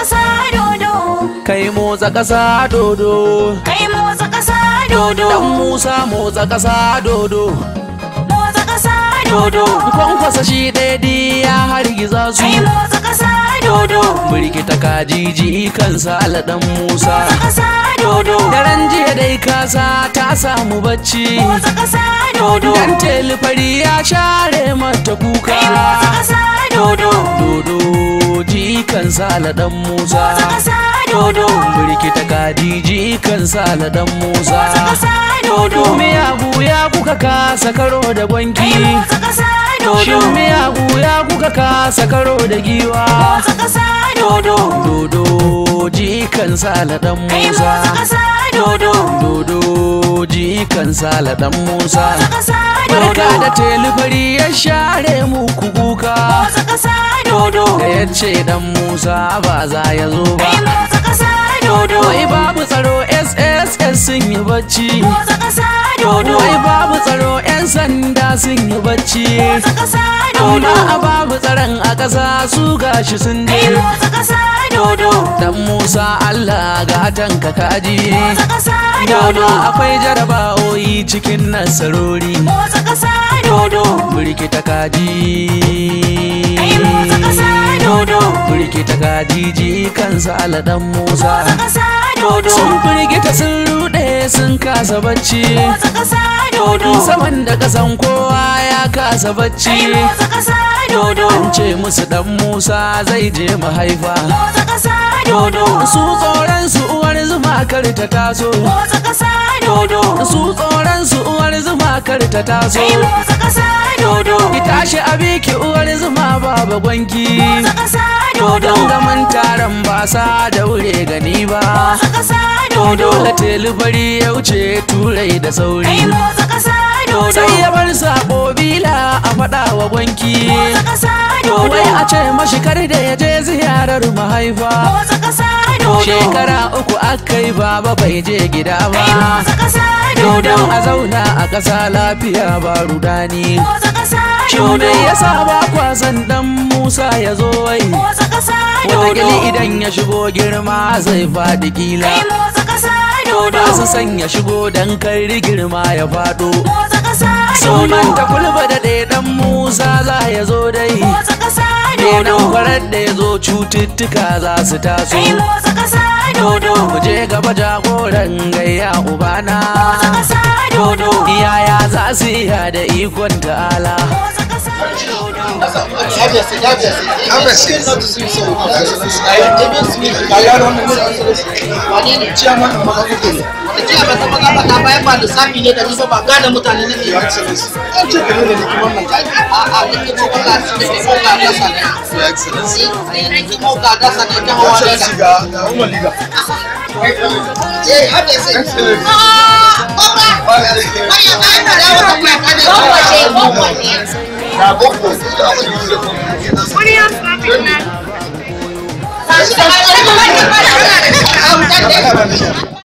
ƙasa dodo kai motsa ƙasa dodo kai motsa ƙasa dodo dan musa motsa ƙasa dodo motsa ƙasa dodo kwankwasa shi ɗaya ya hargiza su kai motsa ƙasa dodo birkita kajiji kansa aladan musa motsa ƙasa dodo daren jiya dai kasa ta samu bacci motsa ƙasa dodo dan telfari ya share mata kuka kai motsa ƙasa dodo dodo kan sala dan musa dodo burki ta kadiji kan sala dan musa dodo me yagu ya kuka kasa karo da gwanki dodo me yagu ya kuka kasa karo da giwa dodo dodo ji kan sala dan musa dodo dodo ji kan sala dan musa barka da telefari ya share muku yace dan Musa ba za ya zo ba Wai babu tsaro SSS sun yi bacci Wai babu tsaro yan sanda sun yi bacci Kuma a babu tsaron a ƙasa su gashi sun je dan Musa Allah ga ka kaji akwai jarabawoyi cikin nasarori dodo birkita kaji ai mu motsa kasa dodo birkita kaji ji kansa aladan musa motsa kasa dodo sun ta sun rude sun kasa bacci motsa kasa dodo saman da kasan kowa ya kasa bacci ai mu motsa kasa dodo an ce musu dan musa zai je mahaifa motsa kasa dodo su tsoron su uwar zuma kar ta taso motsa kasa dodo kar ta taso dodo ki tashi biki uwar zuma ba baba gwanki dodo gaman taron basa da wure gani ba dodo da telu bari ya wuce turai da sauri sai ya bar sabo bila a fada wa gwanki wai a ce mashi kar da ya je zai karar mahaifa shekara uku akai baba bai je gida ba dodon a zauna a ƙasa lafiya ba rudani shudai ya saba kwasan dan musa ya zo wai wadagili idan ya shigo girma zai faɗi kila ba su sanya shigo dan kai girma ya faɗo sunan ta kulba da ɗaya musa za ya zo dai da ya zo cututtuka za su taso dodo mu je gaba jagoran gayya ubana dodo iyaya za su iya da ikon ta'ala Obviously, obviously. I didn't swim. I a on the Wane ne chairman na mazakuta ne? na da wata kwata ne. na boko wani ya fi na Thank you.